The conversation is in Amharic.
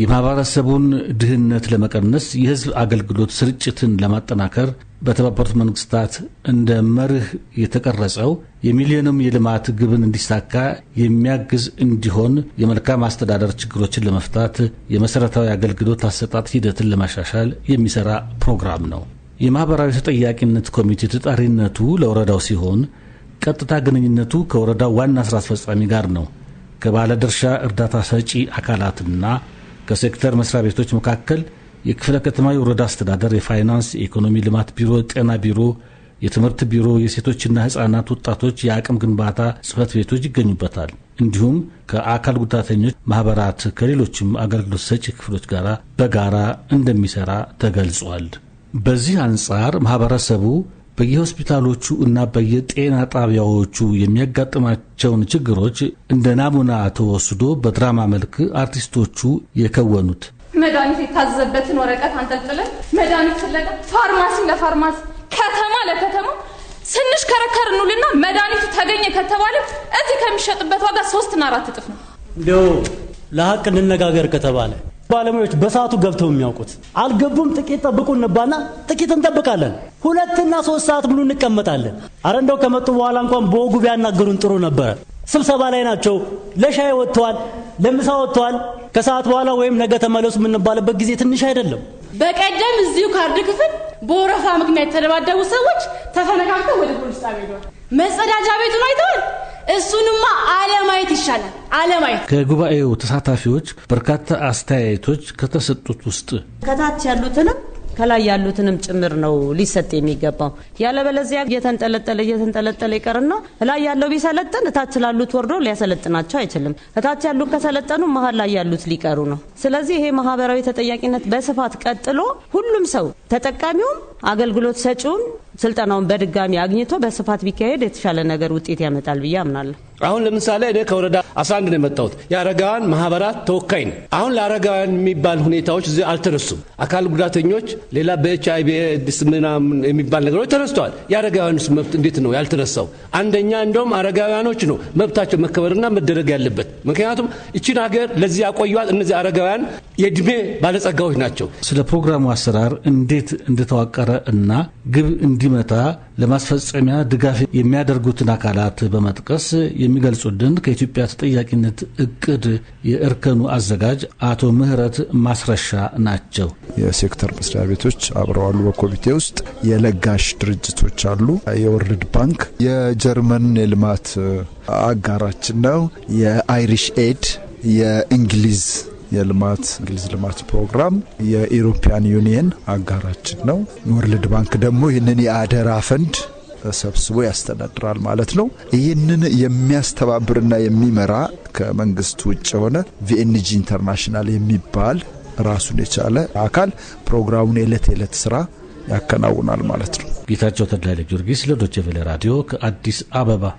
የማህበረሰቡን ድህነት ለመቀነስ የህዝብ አገልግሎት ስርጭትን ለማጠናከር በተባበሩት መንግስታት እንደ መርህ የተቀረጸው የሚሊዮንም የልማት ግብን እንዲሳካ የሚያግዝ እንዲሆን የመልካም አስተዳደር ችግሮችን ለመፍታት የመሰረታዊ አገልግሎት አሰጣጥ ሂደትን ለማሻሻል የሚሰራ ፕሮግራም ነው። የማኅበራዊ ተጠያቂነት ኮሚቴ ተጠሪነቱ ለወረዳው ሲሆን ቀጥታ ግንኙነቱ ከወረዳው ዋና ስራ አስፈጻሚ ጋር ነው። ከባለድርሻ እርዳታ ሰጪ አካላትና ከሴክተር መስሪያ ቤቶች መካከል የክፍለ ከተማ የወረዳ አስተዳደር፣ የፋይናንስ፣ የኢኮኖሚ ልማት ቢሮ፣ ጤና ቢሮ፣ የትምህርት ቢሮ፣ የሴቶችና ህጻናት ወጣቶች የአቅም ግንባታ ጽህፈት ቤቶች ይገኙበታል። እንዲሁም ከአካል ጉዳተኞች ማህበራት ከሌሎችም አገልግሎት ሰጪ ክፍሎች ጋር በጋራ እንደሚሰራ ተገልጿል። በዚህ አንጻር ማህበረሰቡ በየሆስፒታሎቹ እና በየጤና ጣቢያዎቹ የሚያጋጥማቸውን ችግሮች እንደ ናሙና ተወስዶ በድራማ መልክ አርቲስቶቹ የከወኑት። መድኃኒት የታዘዘበትን ወረቀት አንጠልጥለን መድኃኒት ፍለጋ ፋርማሲ ለፋርማሲ ከተማ ለከተማ ስንሽ ከረከር እንውልና መድኃኒቱ ተገኘ ከተባለ እዚህ ከሚሸጥበት ዋጋ ሶስትና አራት እጥፍ ነው። እንዲያው ለሀቅ እንነጋገር ከተባለ ባለሙያዎች በሰዓቱ ገብተው የሚያውቁት አልገቡም። ጥቂት ጠብቁ እንባና ጥቂት እንጠብቃለን። ሁለትና ሶስት ሰዓት ሙሉ እንቀመጣለን። አረ እንደው ከመጡ በኋላ እንኳን በወጉ ቢያናገሩን ጥሩ ነበረ። ስብሰባ ላይ ናቸው፣ ለሻይ ወጥተዋል፣ ለምሳ ወጥተዋል። ከሰዓት በኋላ ወይም ነገ ተመለሱ የምንባልበት ጊዜ ትንሽ አይደለም። በቀደም እዚሁ ካርድ ክፍል በወረፋ ምክንያት የተደባደቡ ሰዎች ተፈነካክተው ወደ ፖሊስ ጣቢያ ሄደዋል። መጸዳጃ ቤቱን አይተዋል። እሱንማ አለማየት ይሻላል። አለማየት ከጉባኤው ተሳታፊዎች በርካታ አስተያየቶች ከተሰጡት ውስጥ ከታች ያሉትንም ከላይ ያሉትንም ጭምር ነው ሊሰጥ የሚገባው። ያለበለዚያ እየተንጠለጠለ እየተንጠለጠለ ይቀርና እላይ ያለው ቢሰለጥን እታች ላሉት ወርዶ ሊያሰለጥናቸው አይችልም። እታች ያሉት ከሰለጠኑ መሀል ላይ ያሉት ሊቀሩ ነው። ስለዚህ ይሄ ማህበራዊ ተጠያቂነት በስፋት ቀጥሎ ሁሉም ሰው ተጠቃሚውም፣ አገልግሎት ሰጪውም ስልጠናውን በድጋሚ አግኝቶ በስፋት ቢካሄድ የተሻለ ነገር ውጤት ያመጣል ብዬ አምናለሁ። አሁን ለምሳሌ እኔ ከወረዳ 11 ነው የመጣሁት። የአረጋውያን ማህበራት ተወካይ ነው። አሁን ለአረጋውያን የሚባል ሁኔታዎች እዚህ አልተነሱም። አካል ጉዳተኞች፣ ሌላ በኤች አይ ቪ ኤድስ ምናምን የሚባል ነገሮች ተነስተዋል። የአረጋውያኑስ መብት እንዴት ነው ያልተነሳው? አንደኛ እንደውም አረጋውያኖች ነው መብታቸው መከበርና መደረግ ያለበት። ምክንያቱም እችን ሀገር ለዚህ ያቆዩዋት እነዚህ አረጋውያን የእድሜ ባለጸጋዎች ናቸው። ስለ ፕሮግራሙ አሰራር እንዴት እንደተዋቀረ እና ግብ እንዲመታ ለማስፈጸሚያ ድጋፍ የሚያደርጉትን አካላት በመጥቀስ የሚገልጹ ድን ከኢትዮጵያ ተጠያቂነት እቅድ የእርከኑ አዘጋጅ አቶ ምህረት ማስረሻ ናቸው። የሴክተር መስሪያ ቤቶች አብረዋሉ። በኮሚቴ ውስጥ የለጋሽ ድርጅቶች አሉ። የወርልድ ባንክ የጀርመን የልማት አጋራችን ነው። የአይሪሽ ኤድ የእንግሊዝ የልማት እንግሊዝ ልማት ፕሮግራም የኢሮፒያን ዩኒየን አጋራችን ነው። ወርልድ ባንክ ደግሞ ይህንን የአደራ ፈንድ ሰብስቦ ያስተዳድራል ማለት ነው። ይህንን የሚያስተባብርና የሚመራ ከመንግስት ውጭ የሆነ ቪኤንጂ ኢንተርናሽናል የሚባል ራሱን የቻለ አካል ፕሮግራሙን የዕለት የዕለት ስራ ያከናውናል ማለት ነው። ጌታቸው ተድላይ ጊዮርጊስ ለዶቼ ቬለ ራዲዮ ከአዲስ አበባ